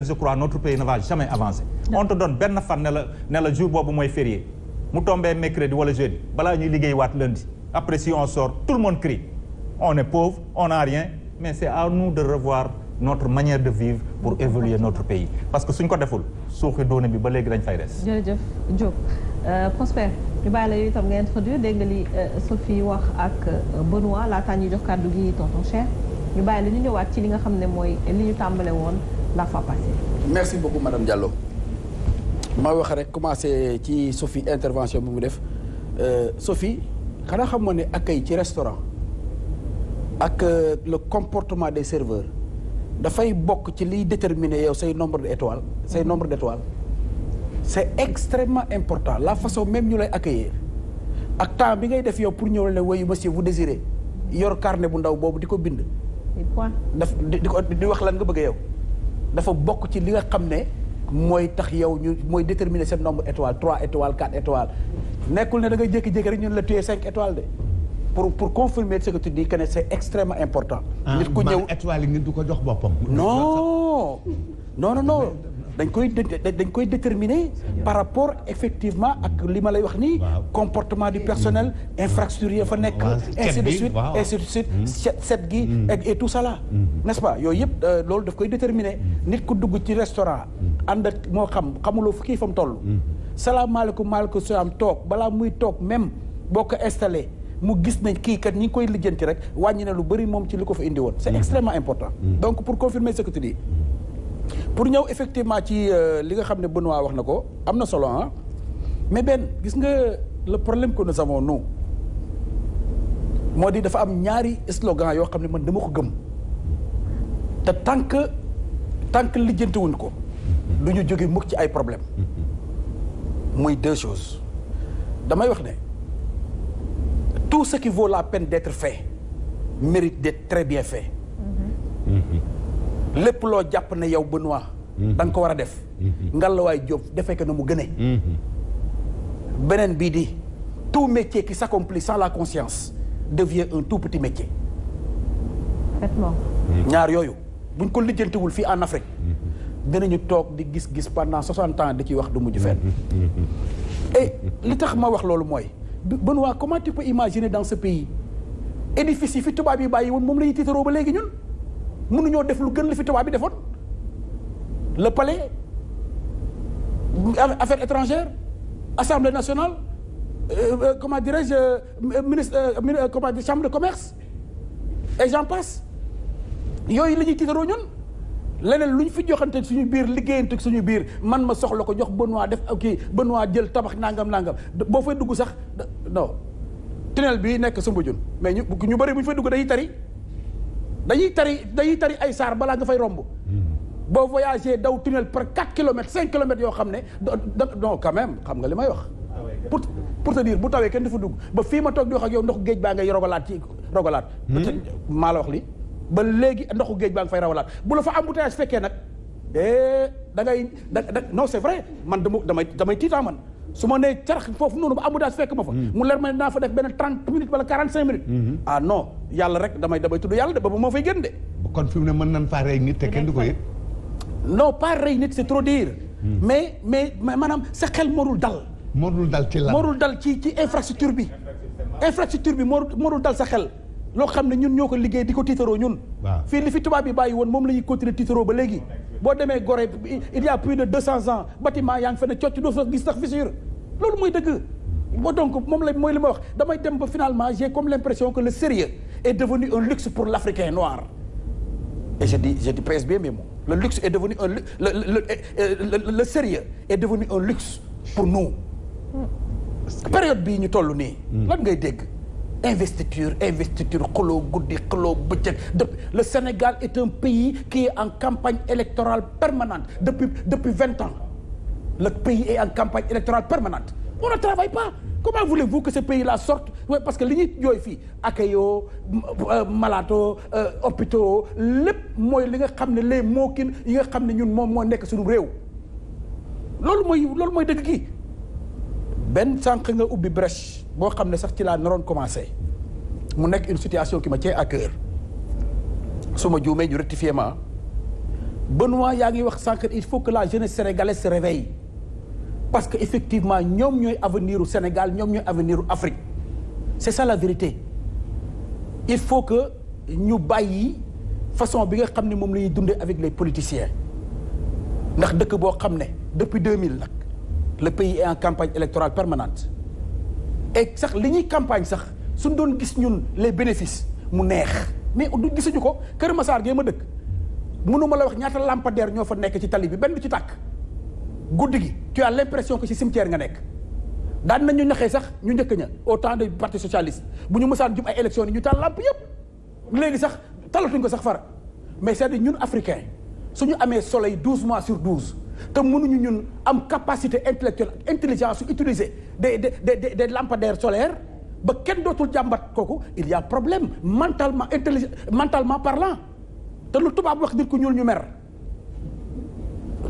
je crois notre pays ne va jamais avancer. on te benn fan ne la ne jour boobu mooy férié mu tombé mercredi wala jeudi balaa ñuy liggéey waat lundi après si on sort tout le monde crie on est pauvre on n'a rien mais c'est à nous de revoir notre manière de vivre pour évoluer notre pays parce que suñ ko deful suuxi doone bi ba léegi dañ fay des. jërëjëf Diop euh, Prosper ñu bàyyi la itam nga introduire dégg nga li euh, Sophie wax ak euh, Benoît laataa ñuy jox kàddu gi tonton ñu bàyyi la ñu ñëwaat ci li nga xam ne mooy li ñu tàmbale woon. la fois merci beaucoup madame Diallo ma wax rek commencé ci Sophie intervention bi mu def euh, Sophie xanaa xam nga ne accueil ci restaurant ak euh, le comportement de serveurs dafay bokk ci liy déterminer yow say nombre d'étoiles say nombre d'étoiles c'est extrêmement important la façon même ñu lay accueillir ak temps bi ngay def yow pour ñëw la woyu monsieur bu désirez yor carnet bu ndaw boobu di ko bind. di ko di wax lan nga bëggee yow. dafa bokk ci li nga xam ne mooy tax yow mooy déterminer seen nombre étoile trois étoiles quatre étoiles nekkul ne da ngay jékki-jékki rek ñun la tuyee cinq étoiles de pour pour confirmer ce que tu dis important. Ah, nit ku ñëw du ko jox boppam. non non non. dañ koy dañ koy déterminer par rapport effectivement ak li ma lay wax nii comportement du personnel infrastructure yi fa nekk ainsi de suite ainsi de suite hmm. set gi hmm. et salaa ça là hmm. pas yooyu yëpp euh, loolu daf koy déterminer nit ku dugg ci restaurant ànd ak moo xam xamuloo fu kii fa mu toll salaamaaleykum maaleykum salaam toog balaa muy toog même boo ko installé mu gis nañ kii kat ñi ngi koy lijjanti rek wàññi na lu bari moom ci lu ko fa indi woon c'est extrêmement important donc pour confirmer ce que pour ñëw effectivement ci euh, li nga xam ne Benoît wax na ko am na solo ah mais benn gis nga le problème que nous avons nous moo di dafa am ñaari slogan yoo xam ne man dama ko gëm te tant que tant que ko du ñu jóge mukk ci ay problème muy deux choses damay wax ne tout ce qui vaut la peine d'être fait mérite d'être très bien fait. Mm-hmm. Mm-hmm. lépp loo jàpp ne yow Benoît mhm. da nga ko war a def mhm. ngalawaay Diop defee ko na mu gënee mhm. beneen bii di tout métier qui s'accomplit sans la conscience devient un tout petit métier ñaar yooyu buñ ko lijjantiwul fii en Afrique dinañu toog di gis-gis pendant soixante ans di ci wax du mujj fenn et li tax ma wax loolu mooy Benoît comment tu peux imaginer dans ce pays édifice yi fi tubaab yi bàyyi woon moom la ñuy ba léegi ñun mënuñoo def lu gën li fi tubaab bi defoon le palais affaires étrangères assemblée nationale euh, euh, comment dirais-je euh, ministre euh, comment dire chambre de commerce et j'en passe yooyu la ñuy tiitaroo leneen lu ñu fi joxante suñu biir liggéeyante suñu biir man ma soxla ko jox Benoît def kii waa jël tabax nangam nangam boo fay dugg sax non tunnel bi nekk Soumbédioune mais ñu ñu bëri bu ñu fay dugg dañuy tari dañuy tari dañuy tari ay saar balaa nga fay romb. Hmm. boo voyagé daw tunnel par 4 kilomètres 5 kilomètres yoo xam ne do quand même xam nga li may wax. Ah pour pour te dire bu tawee kenn dafa dugg ba fii ma toog di wax ak yow ndoxu géej baa ngay rogalaat ci rogalaat. Hmm. maa la wax li ba léegi ndoxu géej baa nga fay rawalaat bu la fa am embouteillage fekkee nag. Eh, da ngay da non c'est vrai man damay damay tiitaa man. su ma nee carax foofu mu ba ambudaas fekk ma fa hmm. mu leer ma ne naa fa def benn trente minutes wala quarante cinq minutes hmm. ah non yàlla rek damay damay tudd yàlla de boobu moo fay gën de kon fi mu ne mën nan faa rey nit te kenn du ko yëg non pas rey nit c'est trop dire hmm. mais mais maanaam sa xel moorul dal moorul dal ci la moorul dal ci ci infrastructure bi infrastructure bi moorul dal sa xel loo xam ne ñun ñoo ko liggéey di ko tiitaroo ñun. fii li fi tubaab yi bàyyi woon moom la ñuy continuer tiitaroo ba léegi. boo demee Gorée il y a plus de 200 ans bâtiment yaa ngi fa ne cocc doo sax gis sax fissure loolu mooy dëgg. moo donc moom la mooy li ma wax damay dem ba finalement j'ai comme l'impression que le sérieux est devenu un luxe pour l'Africain noir. et je dis je dis presse bien mes mots le luxe est devenu un le le le le sérieux est devenu un luxe pour nous. période bii ñu toll nii. Hmm. lan ngay dégg. investiture investiture xuloo guddi xuloo bëccëg depuis le Sénégal est un pays qui est en campagne électorale permanente depuis depuis vingt ans le pays est en campagne électorale permanente on ne travaille pas comment voulez-vous que ce pays-là sorte parce que li ñuy jooy fii accueilloo euh, malaato euh, hôpitaux lépp mooy li nga xam ne les mots yi nga xam ne ñun moom moo nekk suñu réew loolu mooy loolu mooy dëgg gi benn sànq nga ubbi brèche boo xam ne sax ci laa naroon commencé mu nekk une situation ki ma ci à cœur su ma juumee ñu rectifier ma Benoît yaa ngi wax sànq il faut que la jeune sénégalaise se réveille parce que effectivement ñoom ñooy avenir u Sénégal ñoom ñooy avenir Afrique c'est ça la vérité il faut que ñu bàyyi façon bi nga xam ne moom la ñuy dundee avec les politiciens ndax dëkk boo xam ne depuis deux mille nag le pays en campagne électorale permanente et sax li ñuy campagne sax suñ doon gis ñun les bénéfices mu neex mais du gisuñu ko Kër Masaar gee ma dëkk mënuma la wax ñaata der ñoo fa nekk ci tali bi benn du ci tàkk guddi gi tu as l'impression ko ci cimetière nga nekk daan nañ ñu naxee sax ñu njëkk ña au temps du parti socialiste bu ñu mësaan jub ay élections yi ñu taal lamp yëpp léegi sax talatuñ ko sax far mais cest ñun africain su ñu amee soleil douze mois sur douze te mënuñu ñun am capacité intellectuelle ak intelligence su utiliser des des des des lampadaires solaires ba kenn dootul jàmbat kooku il y a problème mentalement intelligent mentalement parlant te lu tubaab wax nit ku ñuul ñu mer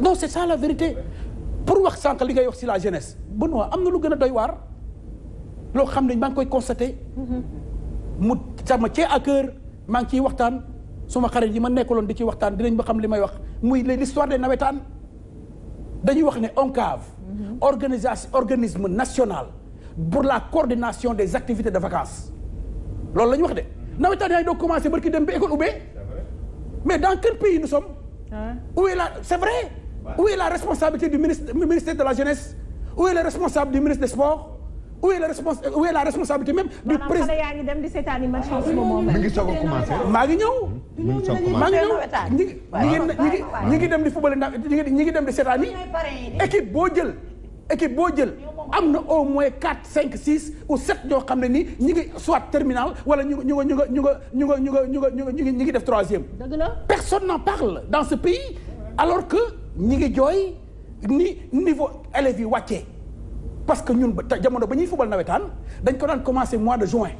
non c'est ça la vérité pour wax sànq li ngay wax si la jeunesse Benoît am na lu gën a doy waar loo xam ne maa ngi koy constaté mm-hmm. mu sama cee à cœur maa ngi ciy waxtaan su suma xarit yi ma nekkaloon di ci waxtaan dinañ ba xam li may wax muy l'histoire des nawetaan dañuy wax ne ONCAV mhm. organisation organisme national pour la coordination des activités de vacances loolu la ñu wax de nawetaan yaa ngi doog commencé barki dem ba école ubbee mais dans quel pays nous sommes où est la c'est vrai où est la responsabilité du ministre ministère de la jeunesse où est le responsable du ministre des sports où est la respons où est la responsabilité même. du président yaa ngi dem di seetaani ma chance moom mi ngi soog a commencé. maa ngi ñëw. mi ngi soog a commencé maa ngi ñëw ñi ngi ñi ngi dem di football ndax ñi ngi dem di seetaani. équipe boo jël équipe boo jël am na au moins 4 5 6 ou 7 ñoo xam ne nii ñi ngi soit terminal wala ñu ñu ñu ñu ñu ñu ñu ñu ngi def troisième. dëgg la personne n'en parle dans ce pays alors que ñi ngi jooy ni niveau élèves yi wàccee. parce que ñun jamono ba ñuy fubal nawetaan dañ ko daan commencé mois de juin.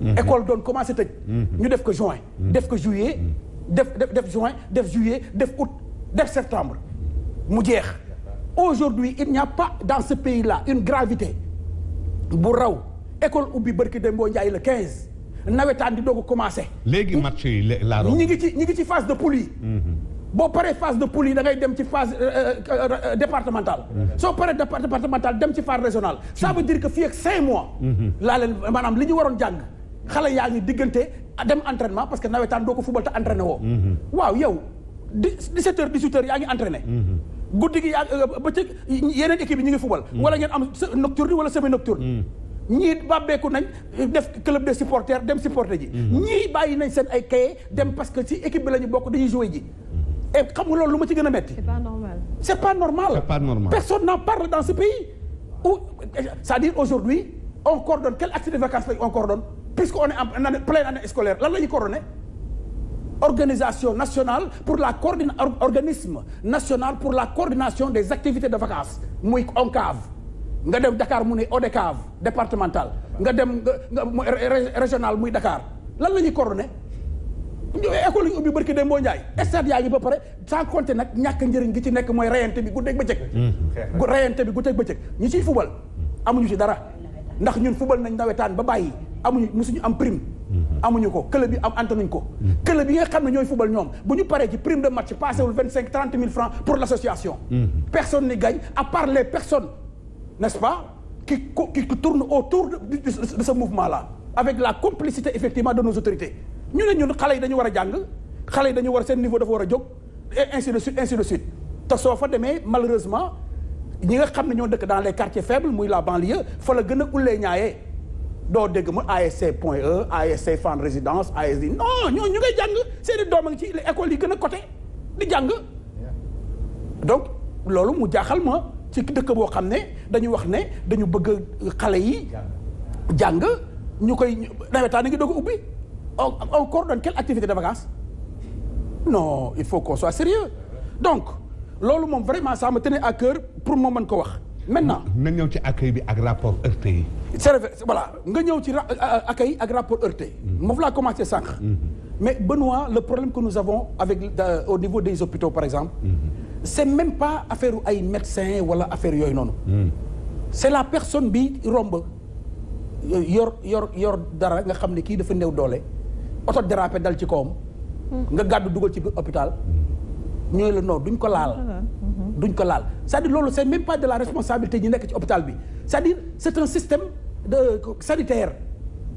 Mhm. école doon commencé tëj. Mhm. ñu def ko juin. Mhm. def ko juillet. def def def juin def juillet def août def septembre mu jeex. aujourd'hui il n'y a pas dans ce pays là une gravité bu raw école ubbi barki Dembo Ndiaye la 15 nawetaan di doo ko commencé. léegi match yi ñi ngi ci ñi ngi ci phase de poule boo paree phase de poule yi da ngay dem ci phase euh, euh, euh, départementale soo paree départementale dem ci phase régionale ça veut dire que fii ak cinq mois mhm. laa leen li ñu waroon jàng xale yaa ngi diggante dem entraînement parce que nawetaan doo ko fubal te entraîné woo mhm. waaw yow dix-sept heures dix-huit heures yaa ngi entraîné mhm. guddi gi yaa bëccëg yeneen équipe yi ñu ngi fubal wala ngeen am nocturne wala semi nocturne ñii bàbbeeku nañ def club de supporter dem supporter ji ñii bàyyi nañ seen ay kaye dem parce que si équipe la ñu bokk dañuy joué ji et eh, xam loolu lu ma ci gën a metti. c'est pas normal. c'est pas normal. c'est pas normal. personne n'en parle dans ce pays. où eh, c'est-à-dire aujourd'hui on coordonne quel acte de vacances on coordonne puisqu'on est en année pleine année scolaire lan la ñuy coordonner organisation nationale pour la coordina organisme national pour la coordination des activités de vacances muy ONCAV nga dem Dakar mu ne ODCAV départemental nga dem nga régional muy Dakar lan la ñuy coordonner école yi ubbi barki dem boo njaay stade yaa ngi ba pare sans compter nag ñàkk njëriñ gi ci nekk mooy rayante bi guddeeg bëccëg mm-hmm. rayante bi guddeeg bëccëg ñi ciy fubal amuñu ci dara ndax ñun fubal nañ nawetaan ba bàyyi amuñu musuñu am prime mm-hmm. amuñu ko club bi am antanuñ ko mm-hmm. club yi nga xam ne ñooy fubal ñoom bu ñu paree ci prime de match passé wul vingt cinq trente mille francs pour l'association personne n'y gagne à part les personnes n'est-ce pas qui qui tournent de ce mouvement là avec la complicité effectivement ñu ne ñun xale yi dañu war a jàng xale yi dañu war seen niveau dafa war a jóg et ainsi de suite ainsi de suite te soo fa demee malheureusement ñi nga xam ne ñoo dëkk dans les quartiers faible muy la banlieue fa la gën a ullee ñaayee doo dégg mu ASC point E ASC Fann résidence ASC non ñoo ñu koy jàng seeni doom ngi ci école yi gën a côté di jàng donc loolu mu jaaxal ma ci dëkk boo xam ne dañuy wax ne dañu bëgg xale yi jàng ñu koy nawetaan a ngi doog on, on coordonne quelle activité de vacances non il faut qu'on soit sérieux donc loolu moom vraiment ça me tenait à cœur pour ma mën ko wax maintenant. na ñëw ci accueil bi ak rapport heurté yi. c'est voilà nga ñëw ci euh, accueil ak rapport heurté. Mhm. moom laa commencé sànq. Mhm. mais Benoît le problème que nous avons avec euh, au niveau des hôpitaux par exemple. Mhm. c'est même pas affaire ay médecin wala affaire yooyu noonu. c'est la personne bi romb euh, yor yor dara nga xam ne kii dafa néew doole. oto dérapé dal ci kawam. nga gàddu dugal ci biir hôpital ñooy la non duñ ko laal. Mhm. duñ ko laal cest loolu c'est même pas de la responsabilité ñi nekk ci hôpital bi c'est-à-dire c'est système de sanitaire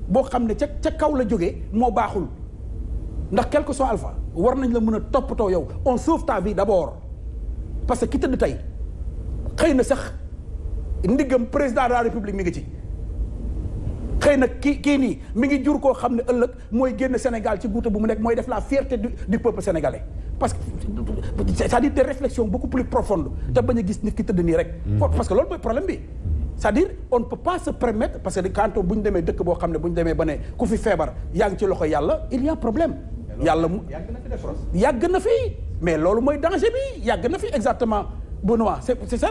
boo xam ne ca ca kaw la jóge moo baaxul ndax quelque que soit alpha war nañ la mën a toppatoo yow on sauve ta vie d'abord parce que ki tëdd tey xëy na sax ndiggam président de la république mi ngi ci. xëy na kii kii nii mi ngi jur koo xam ne ëllëg mooy génn Sénégal ci guuta bu mu nekk mooy def la fierté du du peuple sénégalais parce que c'est-à-dire des réflexions beaucoup plus profondes te bañ a gis nit ki tëdd nii rek. Mhm. parce que que quand bu ñu demee boo xam ne bu ñu demee ba ne ku fi feebar yaa ngi ci loxo yàlla a problème. mais loolu mooy danger yàgg na fi exactement Benoît c'est c'est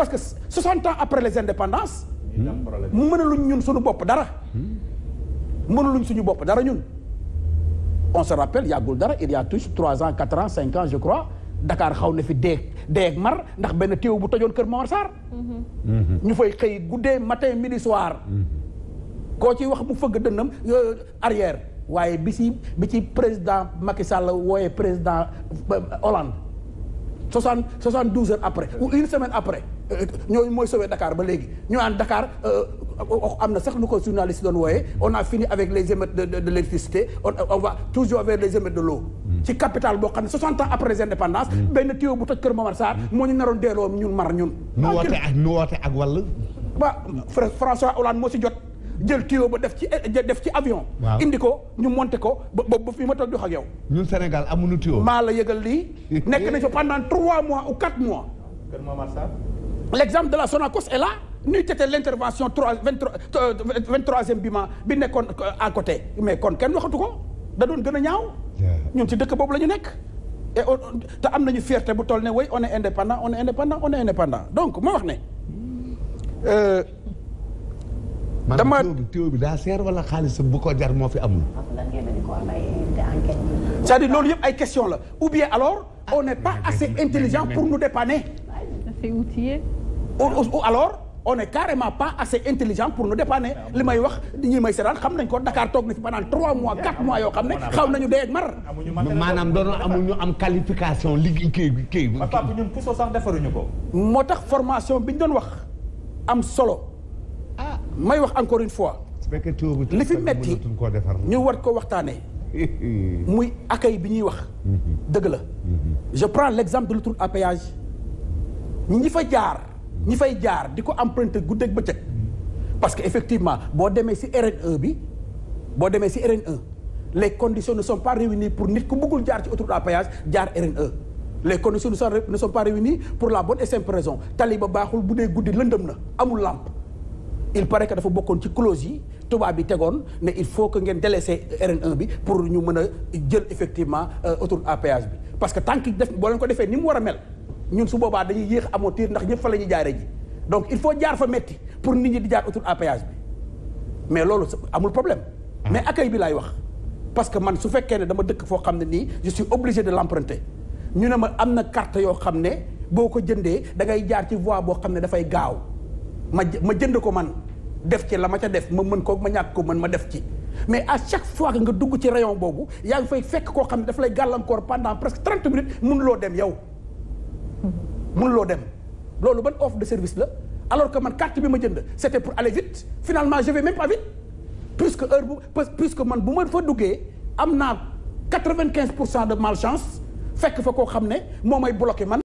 ah que 60 ans après les indépendances. Hmm? mu mënaluñ ñun suñu bopp dara hmm? mënaluñ suñu bopp dara ñun on se rappelle yàggul dara il y trois ans quatre ans cinq ans je crois Dakar xaw na fi dee deeg mar ndax benn téew bu tojoon kër Momar Sarr hmm. ñu fay xëy guddee matin midi soir koo ci wax mu fëgg dënnam arrière waaye bi si bi ci président Macky Sall wooyee président euh, Hollande soixante soixante douze heures après ou une semaine après ñooñu mooy sauvé dakaar ba léegi ñu naan dakaar euh, am na sax lu ko journaliste doon wooyee on a fini avec les émeutes de de l'électricité on on va toujours vers les émeutes de l'eau mm. ci capitale boo xam ne 60 ans après indépendance. Mm. benn tuyau bu toj Kër Momar Sarr mm. moo ñu naroon delloo ñun mar ñun. nu ah, woote ak nu woote ak François Hollande moo si jot. jël tuyau ba def ci eh, def ci avion. indi ko ñu monté ko ba ba fi ma toog jox ak yow. ñun Sénégal amu amuñu tuyau. maa la yëgal lii. nekk nañu fa pendant mois ou 4 mois. Kër l'exemple de la Sonacos est là nuy tete l'intervention trois vingt euh, troisième bi ma bi nekkoon euh, à côté mais kon kenn waxatu ko da doon gën a ñaaw ñun ci dëkk boobu la ñu nekk et te am nañu fierté bu toll ne way on est indépendant on est indépendant on est indépendant donc ma wax ne euh, dama téo bi daa seer wala xaalis bu ko jar moo fi amul loolu yëpp ay question la ou alors ah, on n'est pas assez intelligent pour nous dépanner ou alors on est carrément pas assez intelligent pour nous dépanner li may wax ñi may seetaan xam nañ ko Dakar toog na fi pendant trois mois quatre mois yoo xam ne xaw nañu dee ak mar. maanaam doon amuñu am qualification liggéey kii kii. papa ñun puso sax defaruñu ko. moo tax formation bi ñu doon wax am solo. ah may wax encore une fois. li fi metti ñu war ko waxtaanee. muy accueil bi ñuy wax. Mhm. dëgg la. Mhm. je prends l'exemple de l'autoroute à péage ñi fa jaar. ñi fay jaar di ko emprunté guddeeg bëccëg parce que effectivement boo demee si rn bi boo demee si RN1 les conditions ne sont pas réunies pour nit ku bëggul jaar ci autoroute à péage jaar RN1 les conditions ne sont ne sont pas réunies pour la bonne et simple raison tali ba baaxul bu dee guddi lëndëm na amul lampe il paraît que dafa bokkoon ci clause yi tubaab bi tegoon ne il faut que ngeen délaisser rn bi pour ñu mën a jël effectivement euh, autoroute à péage bi parce que tant que def boo leen ko defee ni mu war mel. ñun su boobaa dañuy yéex amortir ndax ñëpp fa la ñuy jaaree ji donc il faut jaar fa metti pour nit ñi di jaar autour à bi mais loolu amul problème. mais accueil bi laay wax. parce que man su fekkee ne dama dëkk foo xam ne nii je suis obligé de l'emprunter ñu ne ma am na carte yoo xam ne boo ko jëndee dangay jaar ci voie boo xam ne dafay gaaw ma ma jënd ko man def ci la ma ca def ma mën koo ma ñàkk ko mën ma def ci. mais a chaque fois que nga dugg ci rayon boobu yaa ngi fay fekk koo xam ne daf lay gàllankoor pendant presque trente minutes mënuloo dem yow. mënuloo dem loolu ban offre de service la alors que man carte bi ma jënd c'était pour aller vite finalement je vais même pas vite puisque heure bu puisque man bu ma fa duggee am naa quatre-vingt-quinze pour cent de malchance fekk fa koo xam ne moo may bloqué man